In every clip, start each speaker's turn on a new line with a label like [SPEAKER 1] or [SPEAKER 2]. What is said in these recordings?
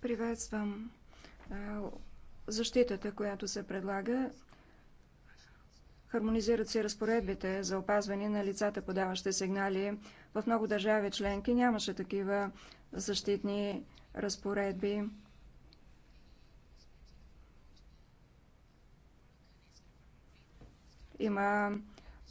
[SPEAKER 1] Приветствам защитата, която се предлага. Хармонизират се разпоредбите за опазване на лицата, подаващи сигнали. В много държави членки нямаше такива защитни разпоредби. Има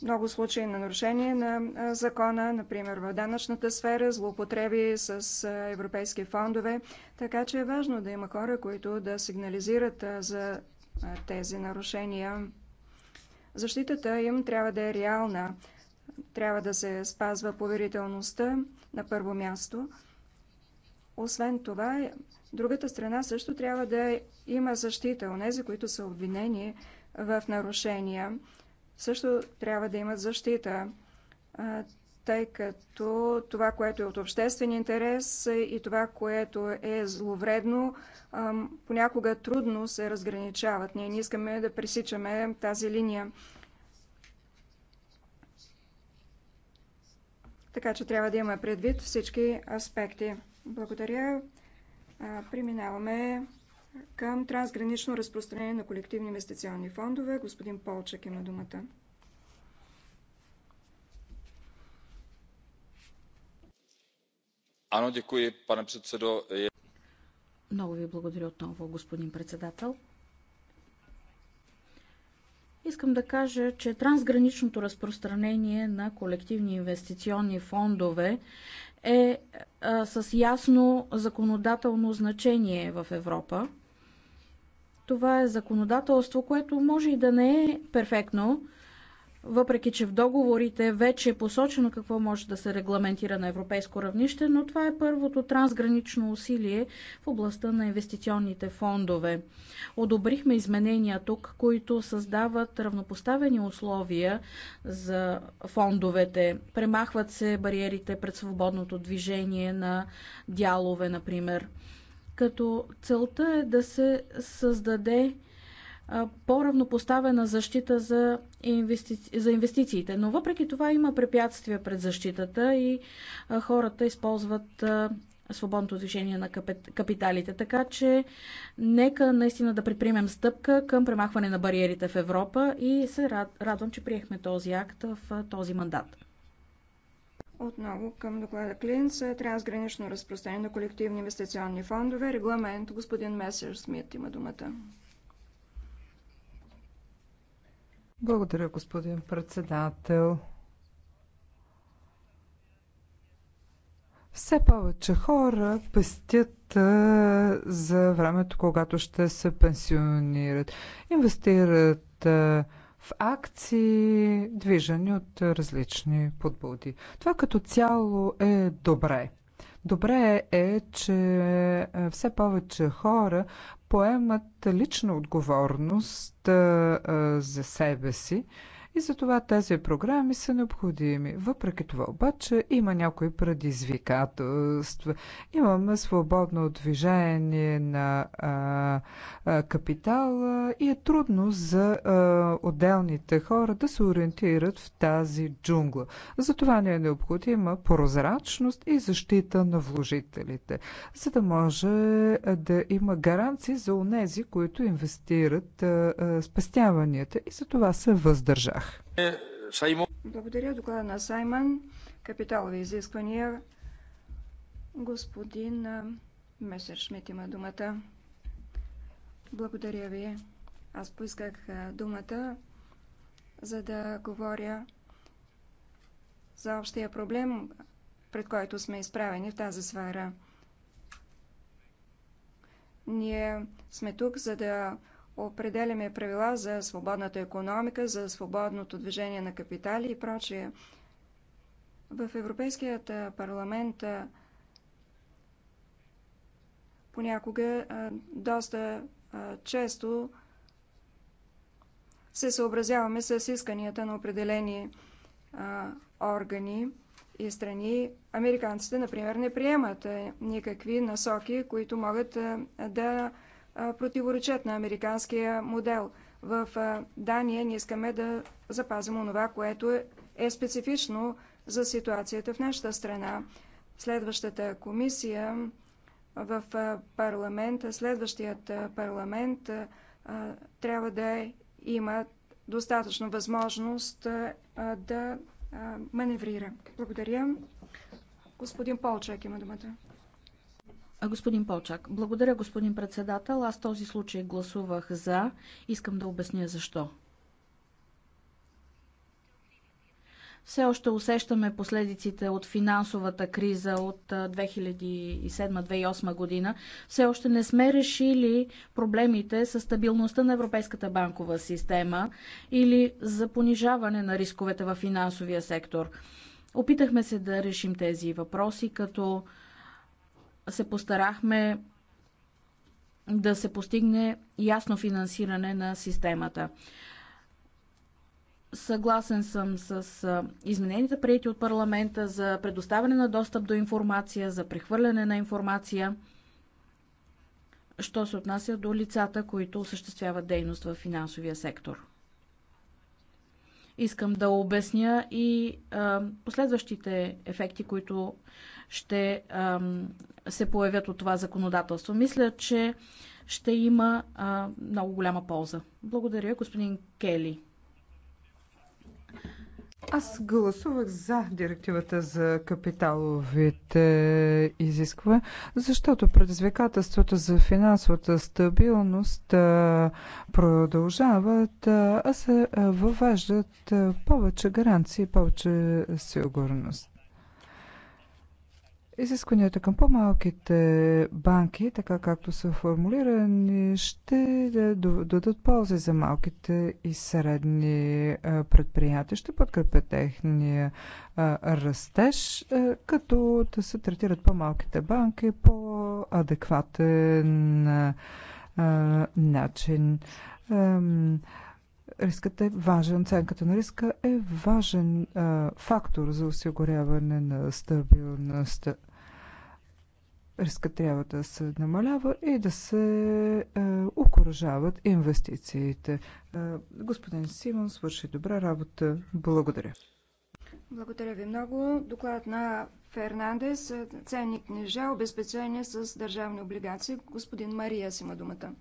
[SPEAKER 1] много случаи на нарушение на закона, например в данъчната сфера, злоупотреби с европейски фондове. Така че е важно да има хора, които да сигнализират за тези нарушения. Защитата им трябва да е реална. Трябва да се спазва поверителността на първо място. Освен това, другата страна също трябва да има защита. Онези, които са обвинени в нарушения, също трябва да имат защита, тъй като това, което е от обществен интерес и това, което е зловредно, понякога трудно се разграничават. Ние не искаме да пресичаме тази линия. Така че трябва да има предвид всички аспекти. Благодаря. Преминаваме към трансгранично разпространение на колективни инвестиционни фондове. Господин Полчък има думата.
[SPEAKER 2] Ано, дякую, пане председо. Е-
[SPEAKER 3] Много ви благодаря отново, господин председател. Искам да кажа, че трансграничното разпространение на колективни инвестиционни фондове е с ясно законодателно значение в Европа. Това е законодателство, което може и да не е перфектно, въпреки че в договорите вече е посочено какво може да се регламентира на европейско равнище, но това е първото трансгранично усилие в областта на инвестиционните фондове. Одобрихме изменения тук, които създават равнопоставени условия за фондовете. Премахват се бариерите пред свободното движение на дялове, например като целта е да се създаде по-равнопоставена защита за, инвести... за инвестициите. Но въпреки това има препятствия пред защитата и хората използват свободното движение на капиталите. Така че нека наистина да предприемем стъпка към премахване на бариерите в Европа и се радвам, че приехме този акт в този мандат.
[SPEAKER 1] Отново към доклада Клинц, трансгранично разпространение на колективни инвестиционни фондове, регламент. Господин Месер Смит има думата.
[SPEAKER 2] Благодаря, господин председател. Все повече хора пестят а, за времето, когато ще се пенсионират. Инвестират а, в акции, движени от различни подбуди. Това като цяло е добре. Добре е, че е, все повече хора поемат лична отговорност е, е, за себе си и затова тези програми са необходими. Въпреки това обаче има някои предизвикателства. Имаме свободно движение на а, а, капитала и е трудно за а, отделните хора да се ориентират в тази джунгла. Затова ни е необходима прозрачност и защита на вложителите, за да може да има гаранции за онези, които инвестират а, а, спестяванията и за това се въздържа тях.
[SPEAKER 1] Е, Благодаря доклада на Саймън. Капиталови изисквания. Господин Месершмит има думата. Благодаря ви. Аз поисках думата, за да говоря за общия проблем, пред който сме изправени в тази сфера. Ние сме тук, за да определяме правила за свободната економика, за свободното движение на капитали и прочие. В Европейският парламент понякога доста често се съобразяваме с исканията на определени органи и страни. Американците, например, не приемат никакви насоки, които могат да противоречат на американския модел. В Дания ние искаме да запазим онова, което е, е специфично за ситуацията в нашата страна. Следващата комисия в парламента, следващият парламент трябва да има достатъчно възможност да маневрира. Благодаря. Господин Полчак има думата.
[SPEAKER 3] Господин Полчак, благодаря, господин председател. Аз този случай гласувах за. Искам да обясня защо. Все още усещаме последиците от финансовата криза от 2007-2008 година. Все още не сме решили проблемите с стабилността на Европейската банкова система или за понижаване на рисковете в финансовия сектор. Опитахме се да решим тези въпроси, като се постарахме да се постигне ясно финансиране на системата. Съгласен съм с измененията, прияти от парламента за предоставяне на достъп до информация, за прехвърляне на информация, що се отнася до лицата, които осъществяват дейност в финансовия сектор. Искам да обясня и а, последващите ефекти, които ще а, се появят от това законодателство. Мисля, че ще има а, много голяма полза. Благодаря, господин Кели.
[SPEAKER 2] Аз гласувах за директивата за капиталовите изисква, защото предизвикателствата за финансовата стабилност продължават, а се въвеждат повече гаранции, повече сигурност. Изискванията към по-малките банки, така както са формулирани, ще дадат ползи за малките и средни предприятия, ще подкрепят техния растеж, като да се третират по-малките банки по адекватен начин рискът е важен, оценката на риска е важен а, фактор за осигуряване на стабилността риска трябва да се намалява и да се е, окоръжават инвестициите. Е, господин Симон свърши добра работа. Благодаря.
[SPEAKER 1] Благодаря ви много. Доклад на Фернандес, е, ценни книжа, обезпечение с държавни облигации. Господин Мария си има думата.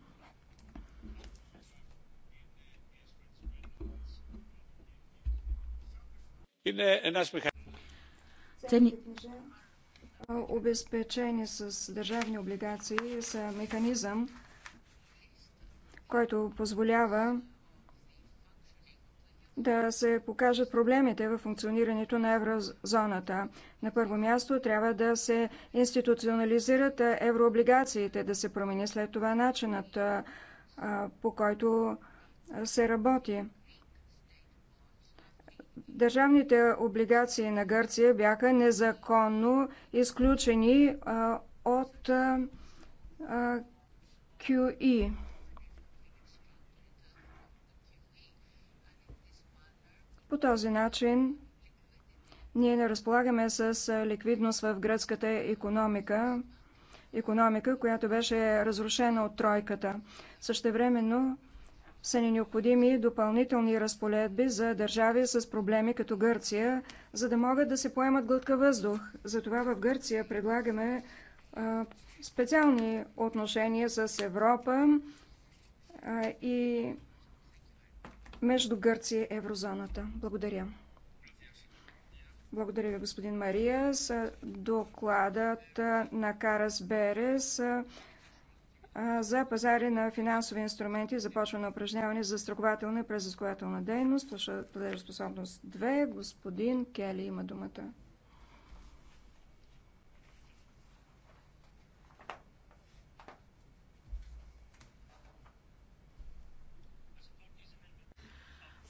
[SPEAKER 1] Ценни книжа обезпечени с държавни облигации са механизъм, който позволява да се покажат проблемите в функционирането на еврозоната. На първо място трябва да се институционализират еврооблигациите, да се промени след това начинът по който се работи. Държавните облигации на Гърция бяха незаконно изключени а, от а, а, QE. По този начин ние не разполагаме с ликвидност в гръцката економика, економика, която беше разрушена от тройката. Същевременно са ни необходими допълнителни разпоредби за държави с проблеми като Гърция, за да могат да се поемат глътка въздух. Затова в Гърция предлагаме а, специални отношения с Европа а, и между Гърция и еврозоната. Благодаря. Благодаря ви, господин Мария. С докладът на Карас Берес за пазари на финансови инструменти започване на упражняване за страхователна и презастрахователна дейност. способност 2. Господин Кели има думата.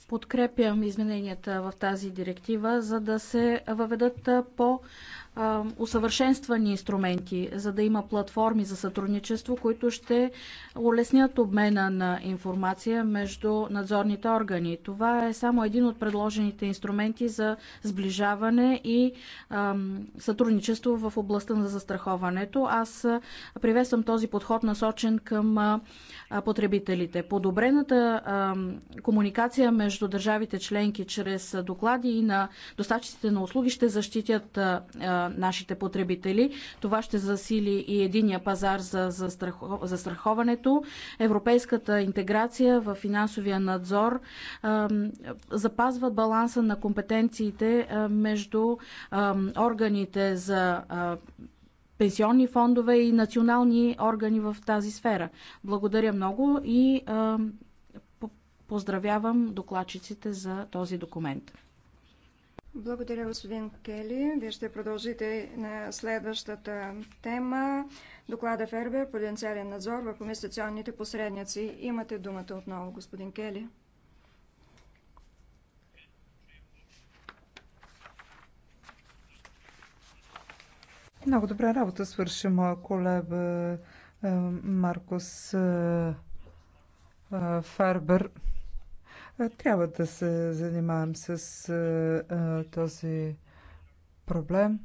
[SPEAKER 3] Подкрепям измененията в тази директива, за да се въведат по усъвършенствани инструменти, за да има платформи за сътрудничество, които ще улеснят обмена на информация между надзорните органи. Това е само един от предложените инструменти за сближаване и ам, сътрудничество в областта на застраховането. Аз приветствам този подход насочен към а, потребителите. Подобрената ам, комуникация между между държавите членки чрез доклади и на доставчиците на услуги ще защитят нашите потребители. Това ще засили и единия пазар за застраховането. Европейската интеграция в финансовия надзор запазва баланса на компетенциите между органите за пенсионни фондове и национални органи в тази сфера. Благодаря много и Поздравявам докладчиците за този документ.
[SPEAKER 1] Благодаря, господин Кели. Вие ще продължите на следващата тема. Доклада Фербер, потенциален надзор върху инвестиционните посредници. Имате думата отново, господин Кели.
[SPEAKER 2] Много добра работа свърши моя колега е, Маркус е, е, Фербер. Трябва да се занимавам с този проблем,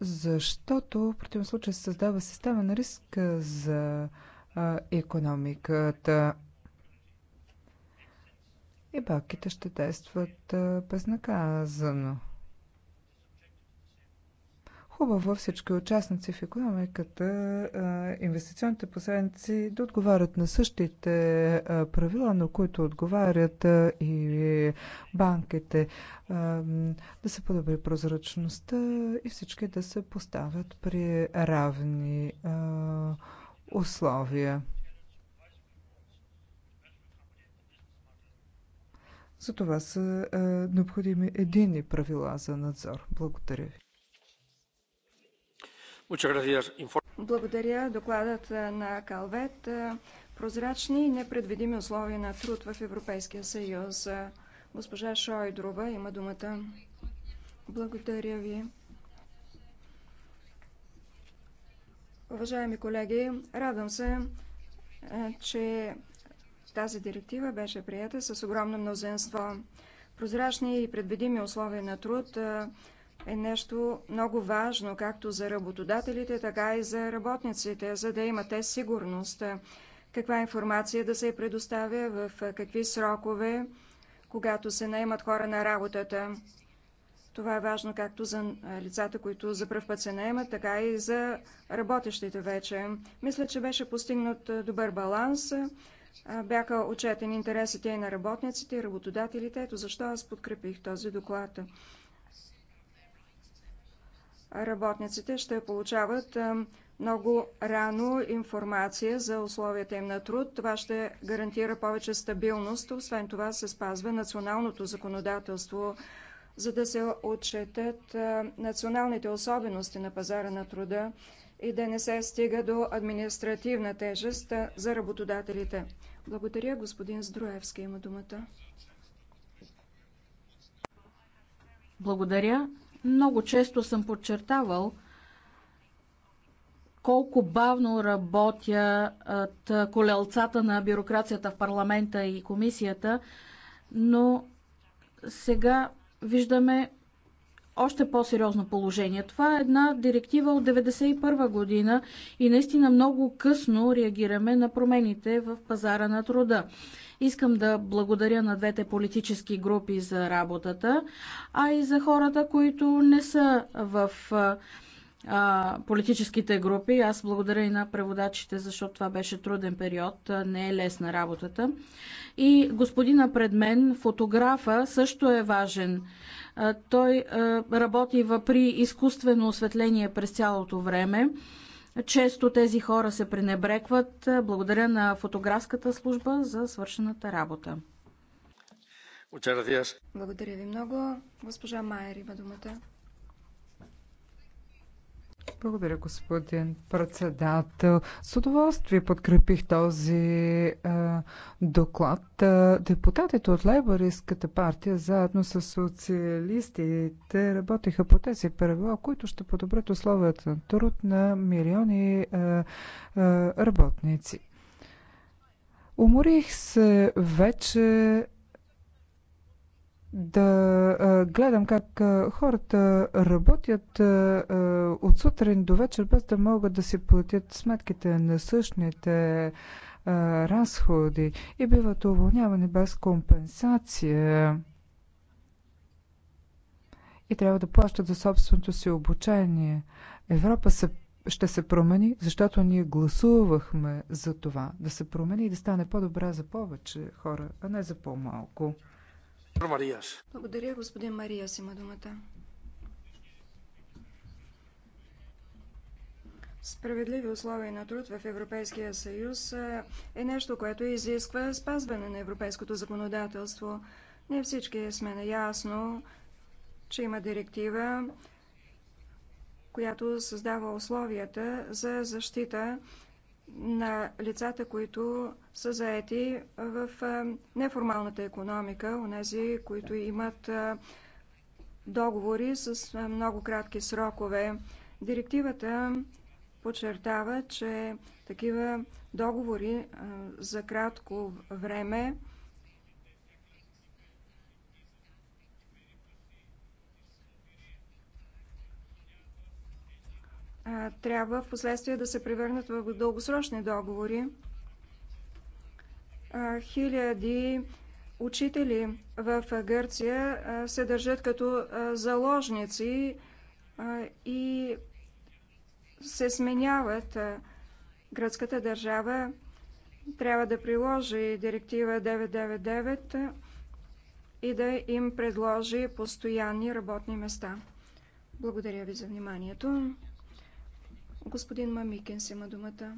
[SPEAKER 2] защото в противен случай се създава системен риск за економиката. И банките ще действат безнаказано. Хубаво всички участници в економиката, инвестиционните посредници да отговарят на същите правила, на които отговарят и банките, да се подобри прозрачността и всички да се поставят при равни условия. За това са необходими едини правила за надзор. Благодаря ви.
[SPEAKER 1] Благодаря. Докладът е, на Калвет. Е, прозрачни и непредвидими условия на труд в Европейския съюз. Е, госпожа Шойдрова има думата. Благодаря ви. Уважаеми колеги, радвам се, че тази директива беше прията с огромно мнозинство. Прозрачни и предвидими условия на труд е нещо много важно, както за работодателите, така и за работниците, за да имате сигурност каква информация да се предоставя, в какви срокове, когато се наемат хора на работата. Това е важно както за лицата, които за пръв път се наемат, така и за работещите вече. Мисля, че беше постигнат добър баланс. Бяха отчетени интересите и на работниците, и работодателите. Ето защо аз подкрепих този доклад работниците ще получават много рано информация за условията им на труд. Това ще гарантира повече стабилност. Освен това се спазва националното законодателство, за да се отчетат националните особености на пазара на труда и да не се стига до административна тежест за работодателите. Благодаря, господин Здруевски има думата.
[SPEAKER 3] Благодаря. Много често съм подчертавал колко бавно работят колелцата на бюрокрацията в парламента и комисията, но сега виждаме още по-сериозно положение. Това е една директива от 1991 година и наистина много късно реагираме на промените в пазара на труда. Искам да благодаря на двете политически групи за работата, а и за хората, които не са в а, политическите групи. Аз благодаря и на преводачите, защото това беше труден период, не е лесна работата. И господина пред мен, фотографа, също е важен. Той работи при изкуствено осветление през цялото време. Често тези хора се пренебрекват. Благодаря на фотографската служба за свършената работа.
[SPEAKER 1] Благодаря ви много. Госпожа Майер има думата.
[SPEAKER 2] Благодаря, господин председател. С удоволствие подкрепих този е, доклад. депутатите от Лейбористската партия, заедно с социалистите, работиха по тези правила, които ще подобрят условията на труд на милиони е, е, работници. Уморих се вече да гледам как хората работят от сутрин до вечер, без да могат да си платят сметките на същните разходи и биват уволнявани без компенсация и трябва да плащат за собственото си обучение. Европа се, ще се промени, защото ние гласувахме за това да се промени и да стане по-добра за повече хора, а не за по-малко. Мариас.
[SPEAKER 1] Благодаря, господин Мариас има думата. Справедливи условия на труд в Европейския съюз е, е нещо, което изисква спазване на европейското законодателство. Не всички сме наясно, че има директива, която създава условията за защита на лицата, които са заети в неформалната економика, онези, които имат договори с много кратки срокове. Директивата подчертава, че такива договори за кратко време трябва в последствие да се превърнат в дългосрочни договори. Хиляди учители в Гърция се държат като заложници и се сменяват. Гръцката държава трябва да приложи директива 999 и да им предложи постоянни работни места. Благодаря ви за вниманието. Господин Мамикенс има думата.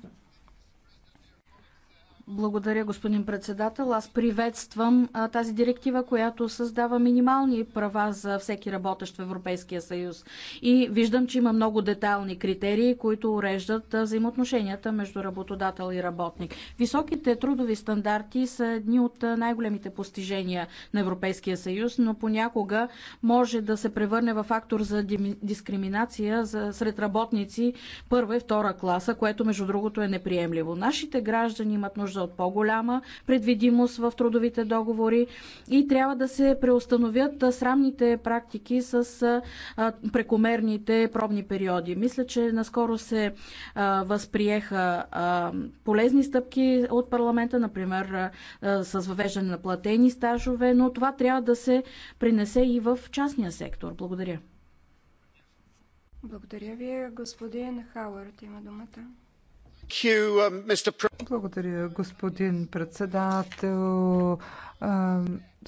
[SPEAKER 3] Благодаря, господин председател. Аз приветствам а, тази директива, която създава минимални права за всеки работещ в Европейския съюз. И виждам, че има много детайлни критерии, които уреждат а, взаимоотношенията между работодател и работник. Високите трудови стандарти са едни от най-големите постижения на Европейския съюз, но понякога може да се превърне в фактор за дискриминация за, сред работници първа и втора класа, което между другото е неприемливо. Нашите граждани имат нужда нужда от по-голяма предвидимост в трудовите договори и трябва да се преустановят срамните практики с прекомерните пробни периоди. Мисля, че наскоро се възприеха полезни стъпки от парламента, например с въвеждане на платени стажове, но това трябва да се принесе и в частния сектор. Благодаря.
[SPEAKER 1] Благодаря ви, господин Хауърт. Има думата.
[SPEAKER 2] Um, Благодаря, господин председател.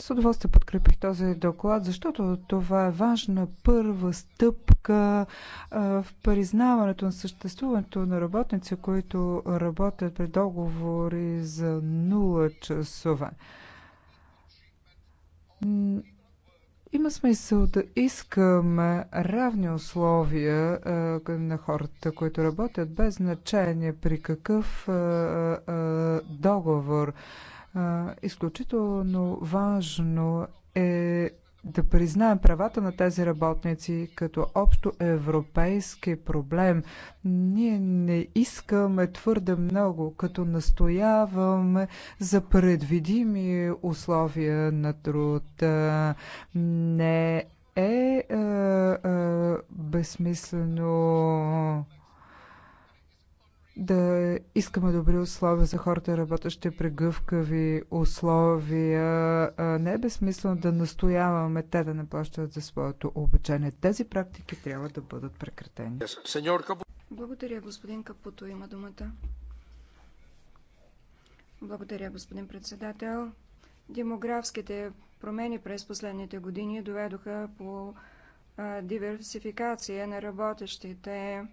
[SPEAKER 2] С удоволствие подкрепих този доклад, защото това е важна първа стъпка в признаването на съществуването на работници, които работят при договори за нула часове има смисъл да искаме равни условия а, на хората, които работят, без значение при какъв а, а, договор. А, изключително важно е да признаем правата на тези работници като общо европейски проблем. Ние не искаме твърде много, като настояваме за предвидими условия на труд. Не е, е, е безсмислено да искаме добри условия за хората, работещи при гъвкави условия. Не е безсмислено да настояваме те да не плащат за своето обучение. Тези практики трябва да бъдат прекратени.
[SPEAKER 1] Благодаря, господин Капуто. Има думата. Благодаря, господин председател. Демографските промени през последните години доведоха по диверсификация на работещите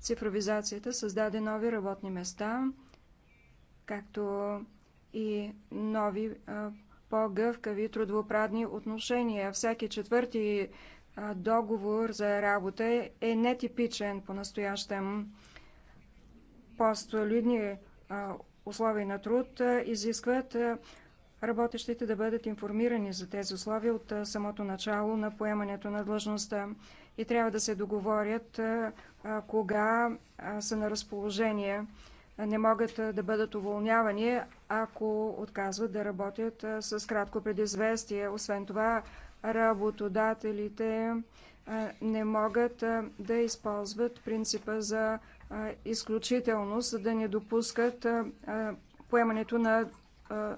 [SPEAKER 1] Цифровизацията създаде нови работни места, както и нови по-гъвкави трудовоправни отношения. Всеки четвърти договор за работа е нетипичен по-настоящем. по условия на труд изискват работещите да бъдат информирани за тези условия от самото начало на поемането на длъжността и трябва да се договорят кога са на разположение. Не могат да бъдат уволнявани, ако отказват да работят с кратко предизвестие. Освен това, работодателите не могат да използват принципа за изключителност, за да не допускат поемането на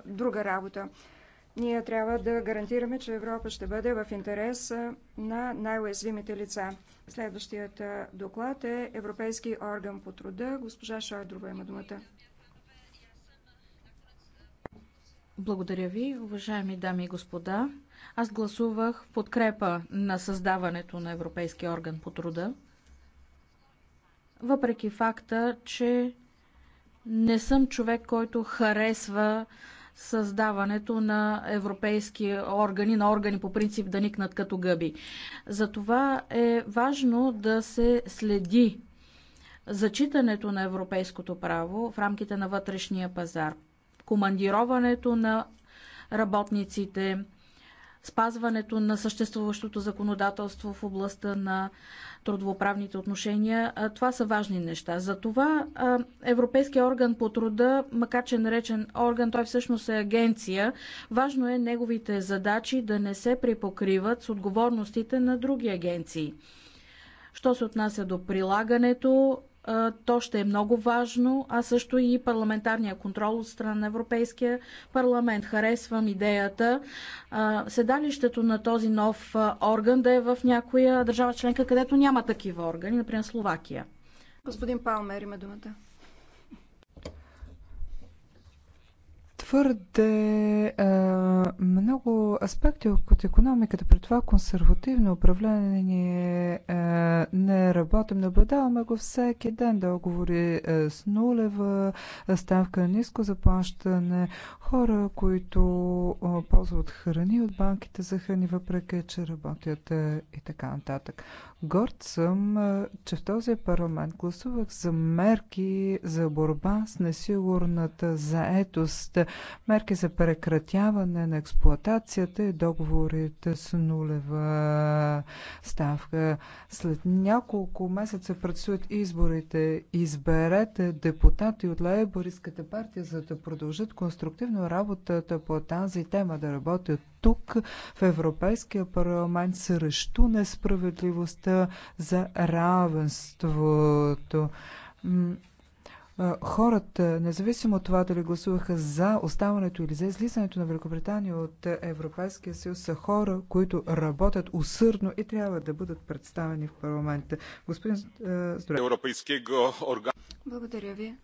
[SPEAKER 1] друга работа. Ние трябва да гарантираме, че Европа ще бъде в интерес на най-уязвимите лица. Следващият доклад е Европейски орган по труда. Госпожа Шойдрова има думата.
[SPEAKER 3] Благодаря ви, уважаеми дами и господа. Аз гласувах в подкрепа на създаването на Европейския орган по труда, въпреки факта, че не съм човек, който харесва създаването на европейски органи, на органи по принцип да никнат като гъби. Затова е важно да се следи зачитането на европейското право в рамките на вътрешния пазар, командироването на работниците, спазването на съществуващото законодателство в областта на трудовоправните отношения. Това са важни неща. Затова Европейския орган по труда, макар че е наречен орган, той всъщност е агенция. Важно е неговите задачи да не се припокриват с отговорностите на други агенции. Що се отнася до прилагането, то ще е много важно, а също и парламентарния контрол от страна на Европейския парламент. Харесвам идеята седалището на този нов орган да е в някоя държава членка, където няма такива органи, например Словакия.
[SPEAKER 1] Господин Палмер има думата.
[SPEAKER 2] твърде а, е, много аспекти от економиката, при това консервативно управление а, е, не работим. Наблюдаваме го всеки ден. Договори е, с нулева, ставка на ниско заплащане, хора, които а, ползват храни от банките за храни, въпреки че работят а, и така нататък. Горд съм, а, че в този парламент гласувах за мерки за борба с несигурната заетост мерки за прекратяване на експлоатацията и договорите с нулева ставка. След няколко месеца предстоят изборите. Изберете депутати от Лейбористската партия, за да продължат конструктивно работата по тази тема, да работят тук в Европейския парламент срещу несправедливостта за равенството хората, независимо от това дали гласуваха за оставането или за излизането на Великобритания от Европейския съюз, са хора, които работят усърдно и трябва да бъдат представени в парламента. Господин Здраве. Европейския орган.
[SPEAKER 1] Благодаря ви.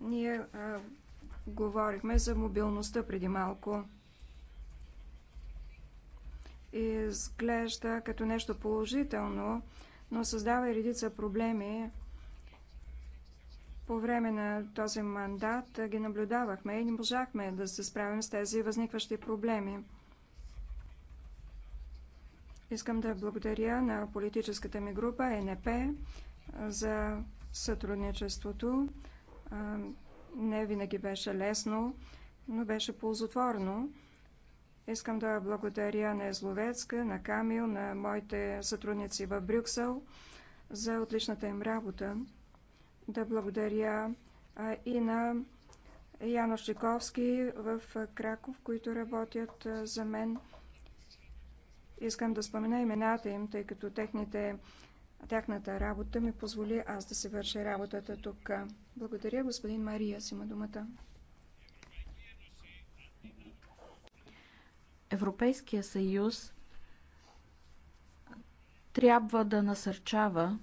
[SPEAKER 1] Ние а, говорихме за мобилността преди малко изглежда като нещо положително, но създава и редица проблеми. По време на този мандат ги наблюдавахме и не можахме да се справим с тези възникващи проблеми. Искам да благодаря на политическата ми група ЕНП за сътрудничеството. Не винаги беше лесно, но беше ползотворно. Искам да благодаря на Езловецка, на Камил, на моите сътрудници в Брюксел за отличната им работа. Да благодаря и на Яно Шиковски в Краков, които работят за мен. Искам да спомена имената им, тъй като техните, тяхната работа ми позволи аз да се върша работата тук. Благодаря, господин Мария, си
[SPEAKER 3] има думата. Европейския съюз трябва да насърчава,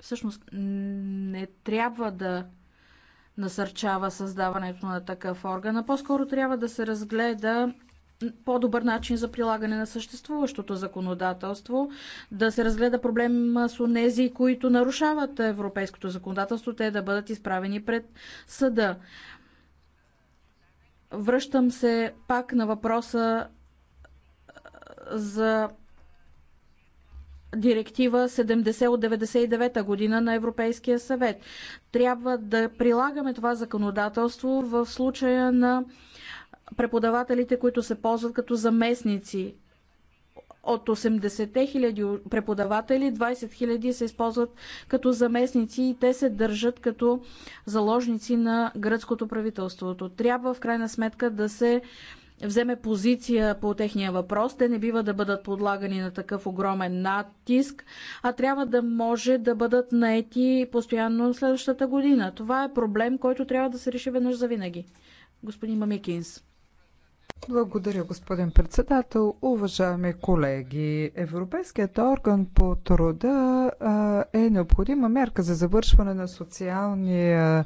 [SPEAKER 3] всъщност не трябва да насърчава създаването на такъв орган, а по-скоро трябва да се разгледа по-добър начин за прилагане на съществуващото законодателство, да се разгледа проблема с онези, които нарушават европейското законодателство, те да бъдат изправени пред съда. Връщам се пак на въпроса за директива 70 от 99 година на Европейския съвет. Трябва да прилагаме това законодателство в случая на преподавателите, които се ползват като заместници от 80-те хиляди преподаватели, 20 хиляди се използват като заместници и те се държат като заложници на гръцкото правителството. Трябва в крайна сметка да се вземе позиция по техния въпрос. Те не бива да бъдат подлагани на такъв огромен натиск, а трябва да може да бъдат наети постоянно следващата година. Това е проблем, който трябва да се реши веднъж завинаги. Господин Мамикинс. Благодаря,
[SPEAKER 2] господин председател. Уважаеми колеги, Европейският орган по труда е необходима мерка за завършване на социалния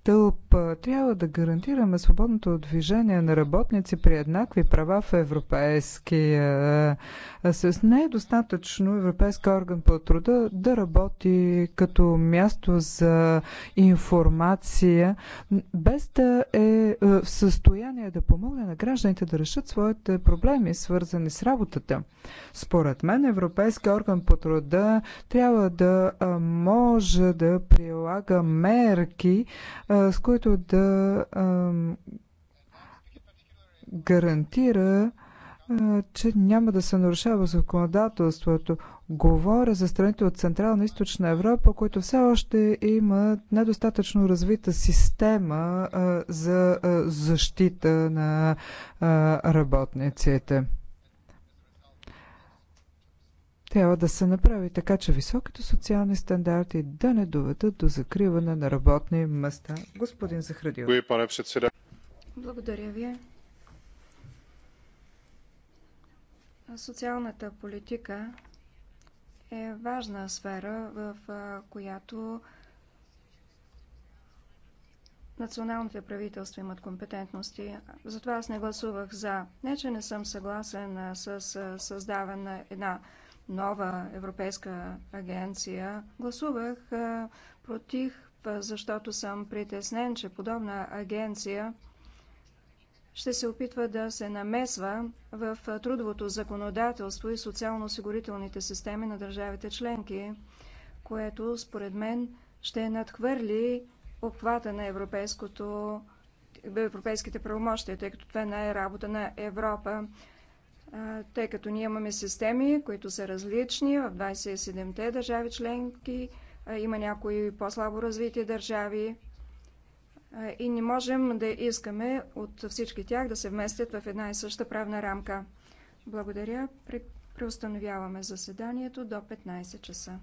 [SPEAKER 2] стълб. Трябва да гарантираме свободното движение на работници при еднакви права в Европейския съюз. Не е достатъчно Европейски орган по труда да работи като място за информация, без да е в състояние да помогне на гражданите да решат своите проблеми, свързани с работата. Според мен Европейски орган по труда трябва да може да прилага мерки, с който да гарантира, че няма да се нарушава законодателството. Говоря за страните от Централна и Източна Европа, които все още имат недостатъчно развита система за защита на работниците. Трябва да се направи така, че високите социални стандарти да не доведат до закриване на работни места. Господин Захрадил.
[SPEAKER 1] Благодаря ви. Социалната политика е важна сфера, в която националните правителства имат компетентности. Затова аз не гласувах за. Не, че не съм съгласен с създаване на една нова европейска агенция. Гласувах против, защото съм притеснен, че подобна агенция ще се опитва да се намесва в трудовото законодателство и социално-осигурителните системи на държавите членки, което според мен ще надхвърли обхвата на европейското, европейските правомощия, тъй като това не е работа на Европа тъй като ние имаме системи, които са различни в 27-те държави членки, има някои по-слабо развити държави и не можем да искаме от всички тях да се вместят в една и съща правна рамка. Благодаря. Преустановяваме заседанието до 15 часа.